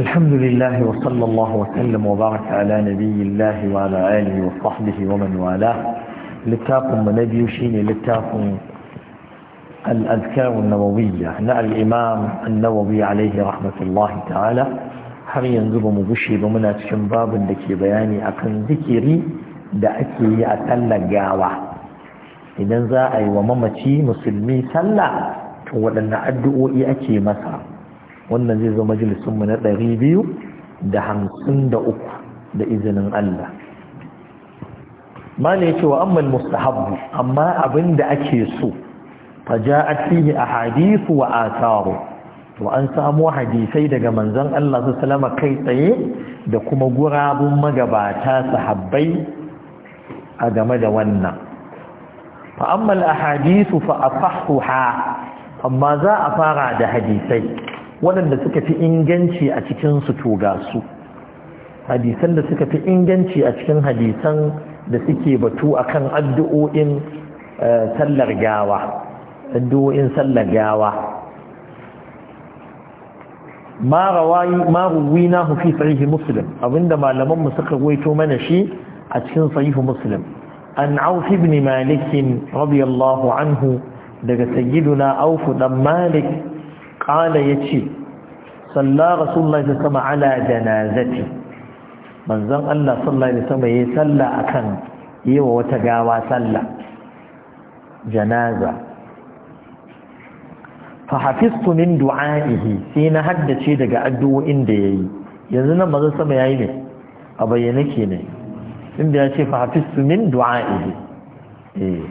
الحمد لله وصلى الله وسلم وبارك على نبي الله وعلى آله وصحبه ومن والاه لتاكم نبي شيني لتاكم الأذكار النووية نا الإمام النووي عليه رحمة الله تعالى har yanzu ba mu gushe ba muna cikin babin da ke bayani akan zikiri da ake yi a sallar gawa idan za a yi wa mamaci musulmi sallah to waɗanne addu'o'i ake masa wannan zai zo majalisunmu na ɗari biyu da hamsin da uku da izinin Allah mana ya ce wa ammal mustahabbu amma abin da ake so fa ja'at fihi ahadithu wa atharu to an samu hadisai daga manzon Allah su kai tsaye da kuma gurabun magabata sahabbai a game da wannan fa a hadisu fa afahuha amma za a fara da hadisai waɗanda suka fi inganci a cikin su to su hadisan da suka fi inganci a cikin hadisan da suke batu akan addu'o'in eh, sallar gawa addu'o'in sallar gawa ma rawayi ma ruwinahu fi muslim abinda malaman mu suka goyito mana shi a cikin sahih muslim an auf ibn malik radiyallahu anhu daga sayyiduna aufu dan malik kala ya ce salla rasulullah ya sama ala janazati manzan Allah salla ya sama ya salla a kan yi wa wata gawa salla janaza fahafistu min du'a'ihi sai na haddace daga addu'o'in da ya yi yanzu nan mazan sama ya yi ne a bayyane ke ne inda ya ce fahafistu min du'a'ihi eh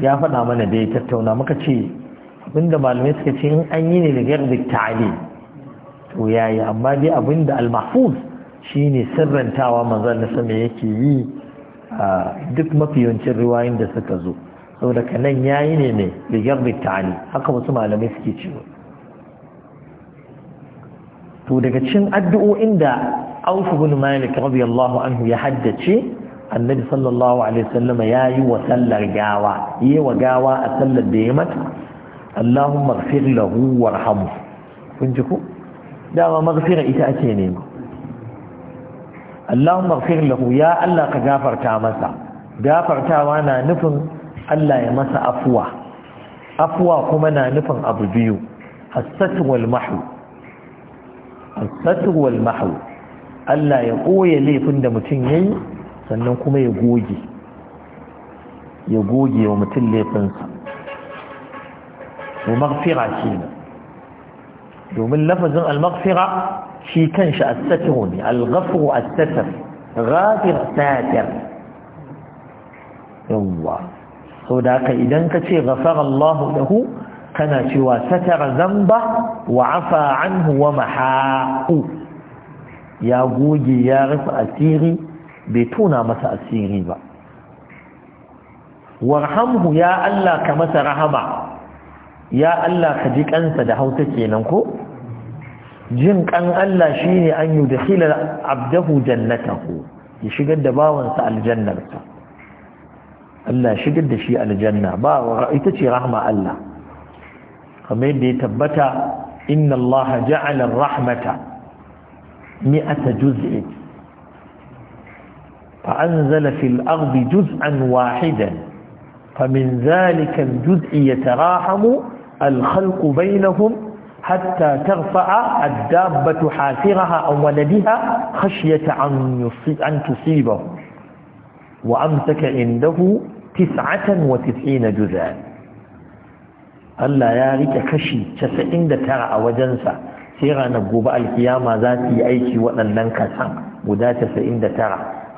ya faɗa mana da ya tattauna muka ce abinda malamai suka ce in an yi ne da garbi ta'ali to yi amma dai abinda al-mahfuz ne sirrantawa maza na sama yake yi a duk mafiyancin riwayoyin da suka zo saboda kanan yayi ne ne da garbi ta'ali haka wasu malamai suke cewa to daga cikin addu'o'in da Auf ibn Malik radiyallahu anhu ya haddace annabi sallallahu alaihi wasallam ya yi wa sallar gawa yi wa gawa a sallar da ya mata Allahumma ighfir lahu warhamu. kun ji ku dama maghfira ita ake nema Allahumma ighfir lahu ya Allah ka gafarta masa gafartawa na nufin Allah ya masa afuwa afuwa kuma na nufin abu biyu as-satr wal mahw as wal mahw Allah ya koya laifin da mutum yayi sannan kuma ya goge ya goge wa mutum laifinsa to maghfira ne domin lafazin al-maghfira shi kanshi as-satru ne al-ghafru as-satr ghafir satir yawwa so da ka idan ka ce ghafara Allah lahu kana cewa satara zamba wa afa anhu wa maha ya goge ya rufe asiri bai tuna masa asiri ba warhamhu ya Allah ka masa rahama ya Allah ka ji kansa da hausa kenan ko jin kan Allah shine an yudkhila abdahu jannatahu ya shigar da bawansa aljannar sa. Allah shigar da shi aljanna ba ita ce Rahama Allah kamar yadda ya tabbata inna Allah ja'ala rahmata mi'ata juz'in فأنزل في الأرض جزءا واحدا فمن ذلك الجزء يتراحم الخلق بينهم حتى ترفع الدابة حافرها أو ولدها خشية أن تصيبه وأمسك عنده تسعة وتسعين جزءا Allah ya rike kashi 99 a wajensa sai ranar gobe alkiyama za su yi aiki waɗannan kasan guda 99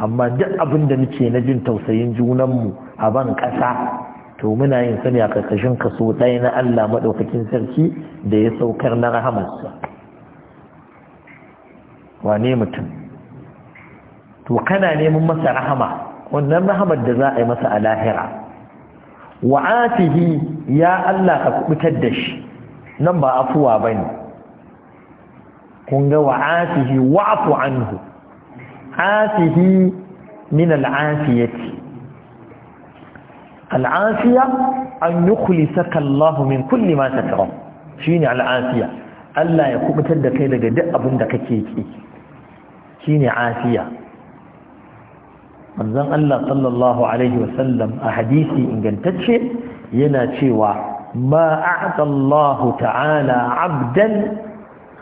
amma duk abin da muke na jin tausayin junanmu a ban ƙasa to muna yin sani a ƙarƙashin kaso ɗaya na Allah maɗaukakin sarki da ya saukar na rahamarsa wane mutum to kana neman masa rahama wannan rahamar da za a yi masa a lahira atihi ya Allah ka kubutar da shi nan ba afuwa ba ne kun ga wa afu anhu afihi min al'afiyati al'afiya an yukhlisaka Allah min kulli ma takrahu shine al'afiya Allah ya kubutar da kai daga duk abin da kake ki shine afiya manzon Allah sallallahu alaihi wasallam a hadisi ingantacce yana cewa ma a'ta Allah ta'ala 'abdan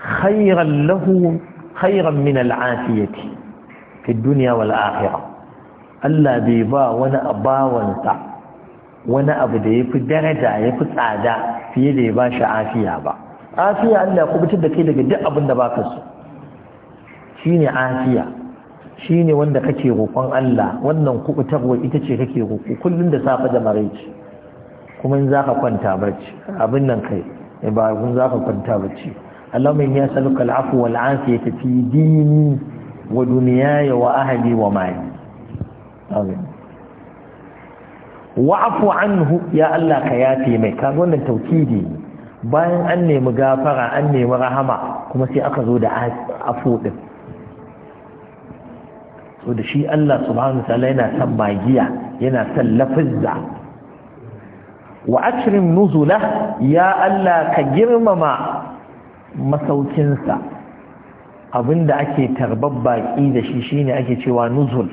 khayran lahu khayran min al'afiyati fi duniya wal akhirah Allah bai ba wani abawansa wani abu da ya fi daraja ya fi tsada fiye da ya ba shi afiya ba afiya Allah ku bitar da kai daga duk abin da baka so ne afiya Shi ne wanda kake roƙon Allah wannan kubutarwa ita ce kake roƙo Kullum da safe da maraici kuma in ka kwanta bacci abin nan kai ba kun ka kwanta bacci Allahumma inni as'aluka al-'afwa wal 'afiyata fi dini wa duniyaya wa ahli wa mali wa'afu anhu ya Allah ka yafe mai kaga wannan tawkidi bayan an nemi gafara an nemi rahama kuma sai aka zo da afu din so da shi Allah subhanahu wa yana san magiya yana san lafizza wa akrim nuzula ya Allah ka girmama masaukinsa abinda ake tarbab baƙi da shi shine ake cewa nuzul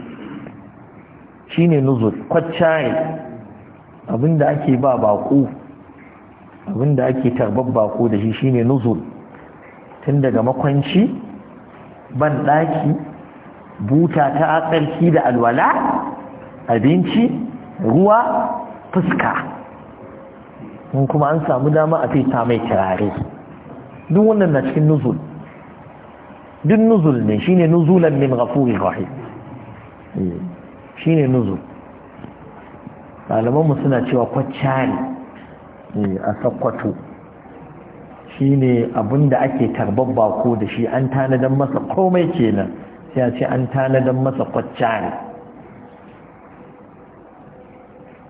shine nuzul Abin abinda ake ba baƙo abinda ake tarbar baku da shi shine nuzul tun daga makwanci ban daki buta ta tsarki da alwala abinci ruwa fuska in kuma an samu dama a ta mai turare duk wannan na cikin nuzul duk nuzul ne shine nuzulan min ghafurir rahim eh, shine nuzul ɗalibanmu suna cewa kwacca ne eh, a sakwato shine abin da ake tarbar bako da shi an tanadan masa komai kenan sai a ce an tanadan masa kwacca ne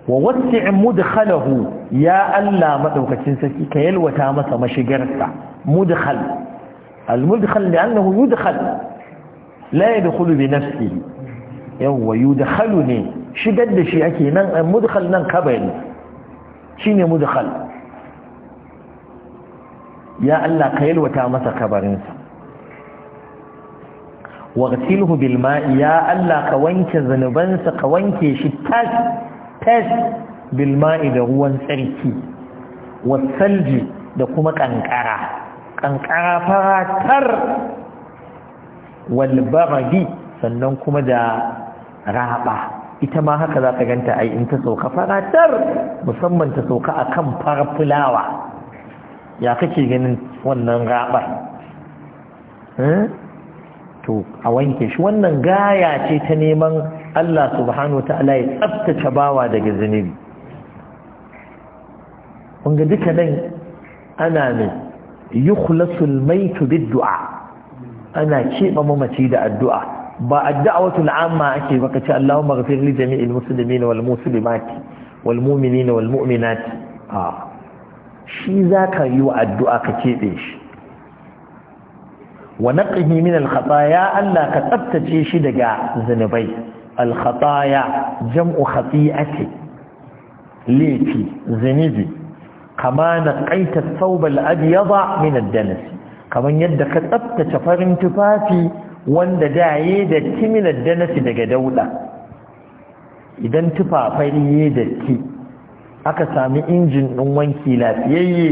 wa wasi'in mudkhalahu ya Allah madaukakin sarki ka yalwata masa mashigarsa mudkhal المدخل لأنه يدخل لا يدخل بنفسه يو يدخلني شقد شي أكي نن مدخل نن كبين شيني مدخل يا الله قيل وتامس كبرنسا واغسله بالماء يا الله كوانك ذنبنس كوانك شتاس تاس بالماء ده هو سركي والثلج ده كما كنكره ƙanƙara faratar walbaradi sannan kuma da raba ita ma haka za ka ganta ai in ta sauka faratar musamman ta sauka a kan farfulawa ya kake ganin wannan rabar eh? to a wanke shi wannan gaya ce ta neman Allah subhanahu ta'ala ya tsabtace bawa daga zunubi kun ga duka nan ana ne yukhlasul maitu du'a. ana keɓe mamaci da addu'a ba addu'awatul amma ake baka ce Allahumma ghafir li jami'il muslimina wal muslimati wal mu'minina wal mu'minati a shi zaka yi wa addu'a ka keɓe shi wa naqihi min al khataya Allah ka tsaftace shi daga zanubai al khataya jam'u khati'ati laifi zanubi kama na kaita saubal abyada min ad-danas kaman yadda ka tsaftace farin tufafi wanda daye da min ad-danas daga dauda idan tufafai ne datti aka sami injin din wanki lafiyayye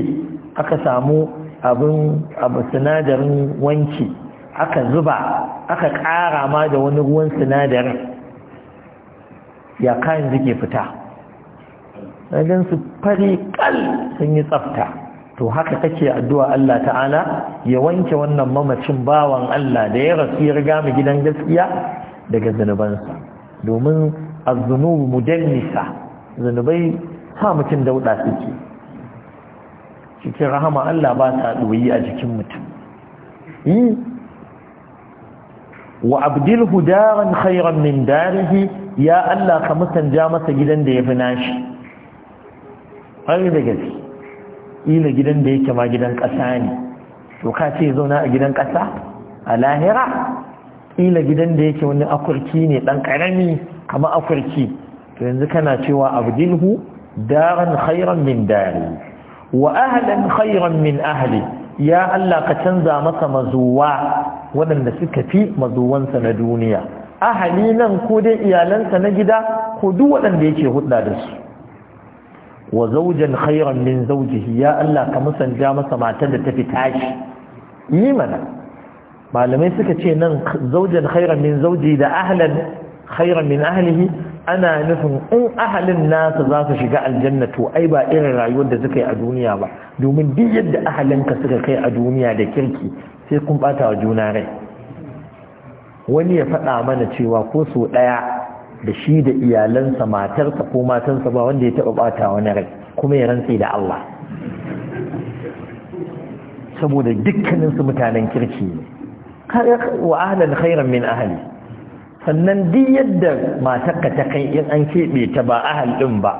aka samu abin abu sinadarin wanki aka zuba aka ƙara ma da wani ruwan sinadarin ya kayan zike fita na su fari kal sun yi tsafta to haka kake addu'a Allah ta'ala ya wanke wannan mamacin bawan Allah da ya rasu ya riga mu gidan gaskiya daga zunubansa domin az-zunub mudannisa zunubai sa mutum dauda suke cikin rahama Allah ba ta doyi a jikin mutum yi wa abdil daran khairan min darihi ya Allah ka musanja masa gidan da ya fi nashi ƙwarai da gaske ila gidan da yake ma gidan ƙasa ne to ka ce zauna a gidan ƙasa a lahira ila gidan da yake wani akurki ne ɗan ƙarami kama akurki to yanzu kana cewa abdilhu daren khairan min dari wa ahalin khairan min ahali, ya Allah ka canza masa mazuwa waɗanda suka fi mazuwansa na duniya ahali nan ko dai iyalansa na gida ko duk waɗanda yake hudda da su wa zaujan khairan min zaujihi ya Allah ka musanja masa matar da ta fi tashi yi mana malamai suka ce nan zaujan khairan min zauji da ahlan khairan min ahlihi ana nufin in ahalin nasa za su shiga aljanna to ai ba irin rayuwar da suka yi a duniya ba domin duk yadda ahalinka suka kai a duniya da kirki sai kun bata wa juna rai wani ya faɗa mana cewa ko so ɗaya da shi da iyalansa matarsa ko matansa ba wanda ya taɓa ɓata wani rai kuma ya rantse da Allah saboda dukkaninsu mutanen kirki ne wa ahlan khairan min ahli sannan duk yadda matarka ta kai in an keɓe ta ba ahal ɗin ba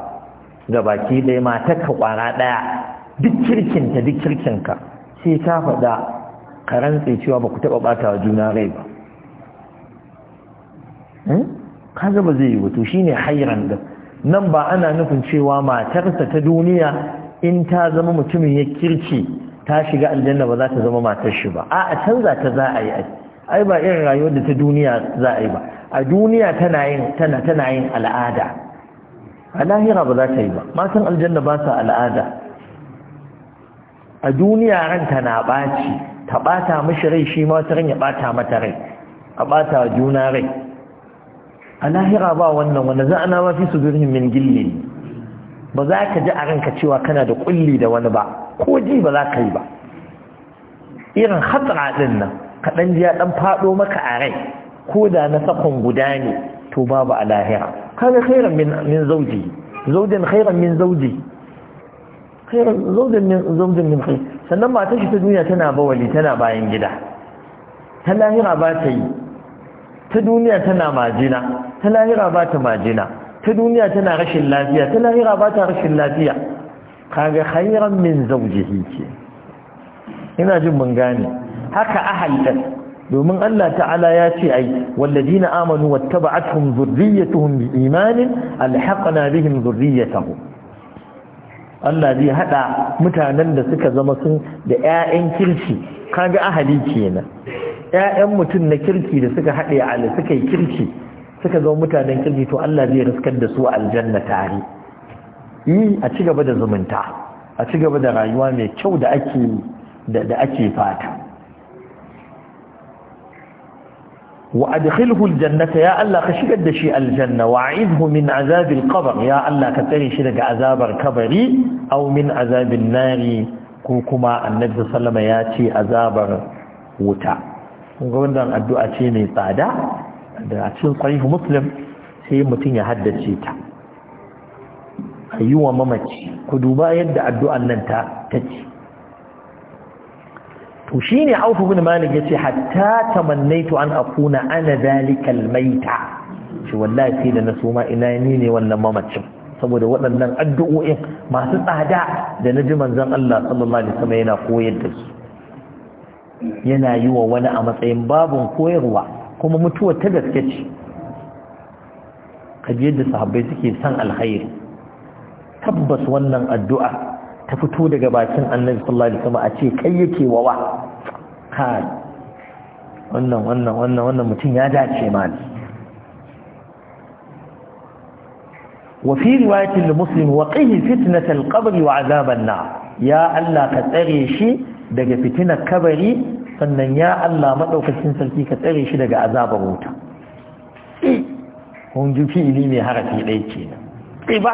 ga baki ɗaya matarka kwara ɗaya duk ta duk kirkinka sai ta faɗa ka rantse cewa ba ku taɓa ɓata wa juna rai ba hmm? kaga ba zai yi wato shine hairan din nan ba ana nufin cewa matarsa ta duniya in ta zama mutumin ya kirci ta shiga aljanna ba za ta zama matar shi ba a canza ta za a yi ai ba irin rayuwar da ta duniya za a yi ba a duniya tana yin tana tana yin al'ada a lahira ba za ta yi ba matan aljanna ba sa al'ada a duniya ranta na ɓaci ta ɓata mishi rai shi ma ya ɓata mata rai a ɓata juna rai a lahira ba wannan wanda za a nama fi su zurhin min gilli ba za ka ji a ranka cewa kana da kulli da wani ba ko ji ba za ka yi ba irin hatsara ɗin nan kaɗan ji ya ɗan faɗo maka a rai ko da na sakon guda ne to babu a lahira kaga khairan min zauji zaujin khairan min zauji khairan zaujin min zaujin min khair sannan matar shi ta duniya tana bawali tana bayan gida ta lahira ba ta yi ta duniya tana majina ta lahira ba ta majina ta duniya tana rashin lafiya ta lahira ba ta rashin lafiya kaga khairan min zawjihi ke ina jin mun gane haka ahalta domin Allah ta'ala ya ce ai walladina amanu wattaba'atuhum dhurriyyatuhum biimanin alhaqna bihim zurriyyatuhum Allah zai hada mutanen da suka zama sun da ƴaƴan kirki kaga ahali kenan Yayan mutum na kirki da suka haɗe ala suka yi kirki suka zama mutanen kirki to Allah zai riskar da su aljanna tare yi a ci gaba da zumunta a ci gaba da rayuwa mai kyau da ake da ake fata wa adkhilhu aljannata ya Allah ka shigar da shi aljanna wa a'idhu min azabil qabr ya Allah ka tsare shi daga azabar kabari aw min azabin nari ko kuma annabi sallama ya ce azabar wuta kun wannan addu'a ce mai tsada da a cikin sahihu muslim sai mutum ya haddace ta a yi wa mamaci ku duba yadda addu'an nan ta take to shi ne aufu bin malik ya ce hatta tamannaitu an akuna ana zalikal maita shi wallahi sai da na soma ina ni ne wannan mamacin saboda waɗannan addu'o'in masu tsada da na ji manzon Allah sallallahu alaihi wasallam yana koyar da su yana yi wa wani a matsayin babin koyarwa kuma mutuwar ta gaske ce kaji yadda sahabbai suke son alkhairi tabbas wannan addu'a ta fito daga bakin annabi sallallahu alaihi a ce kai yake wawa kai wannan wannan wannan wannan mutum ya dace mali wa fi riwayatin muslim wa qih fitnatal qabr wa azaban nar ya Allah ka tsare shi daga fitinar kabari sannan ya Allah maɗaukacin sarki ka tsare shi daga azabar wuta kun ji fi'ili mai harafi ɗaya ke tsiba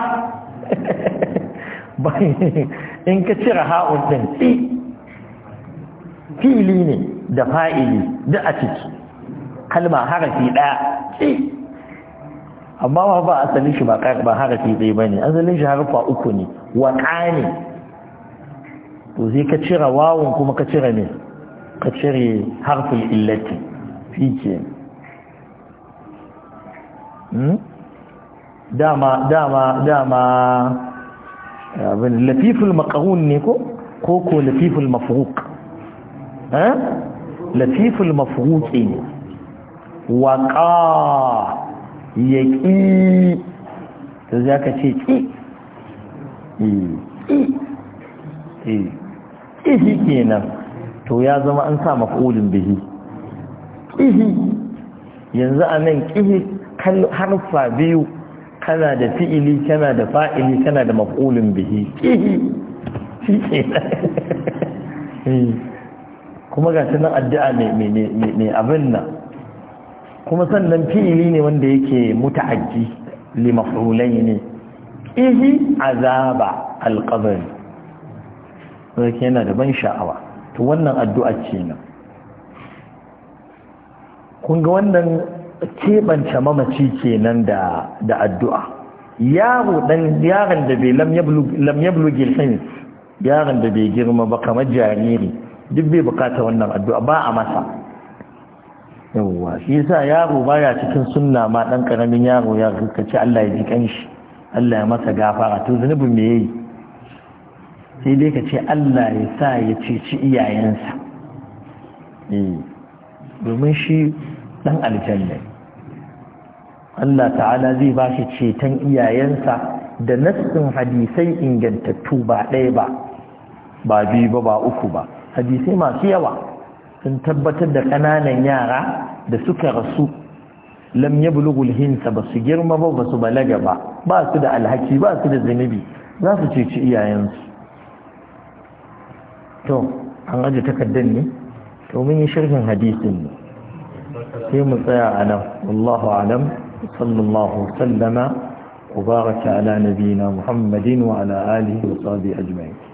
in ka cire ha'un ɗin Fili ne da fa'ili da a ciki kalma harafi ɗaya amma ba a asalin shi ba harafi ɗaya ba ne asalin shi harafa uku ne waƙa ne to sai ka cire wawon kuma ka cire ne ka cire harfin illati fi ke hmm? dama dama dama abin lafiful makarun ne ko ko ko lafiful mafruk eh? lafiful mafruk ne waƙa ya ƙi ta za ka ce ki ƙi ƙi ihi kenan to ya zama an sa maf'ulin bihi ihi yanzu a nan ihi harfa biyu kana da fi'ili kana da fa'ili kana da maf'ulin bihi ihi shi kenan eh, kuma ga shi nan addu'a mai abin nan kuma sannan fi'ili ne wanda yake muta'addi li maf'ulai ne ihi azaba alqabr zai yana da ban sha'awa to wannan addu'a ce nan kun ga wannan keɓance mamaci kenan da da addu'a yaro dan yaron da bai lam yablug lam yaron da bai girma ba kamar jariri duk bai bukata wannan addu'a ba a masa yawwa shi yasa yaro baya cikin sunna ma dan karamin yaro ya rika Allah ya ji kanshi Allah ya masa gafara to zunubin me yayi sai dai ka ce Allah ya sa ya ceci iyayensa eh, domin shi ɗan aljanna Allah ta'ala zai ba shi ceton iyayensa da nassin hadisai ingantattu ba ɗaya ba ba biyu ba ba uku ba hadisai masu yawa sun tabbatar da ƙananan yara da suka rasu lam ya bulugul hinsa ba su girma ba ba su balaga ba ba su da alhaki ba su da zunubi za su ceci iyayensu to an aje takardar ne to mun yi shirkin hadisin ne sai mu tsaya a nan wallahu alam sallallahu sallama وبارك على نبينا محمد وعلى آله وصحبه أجمعين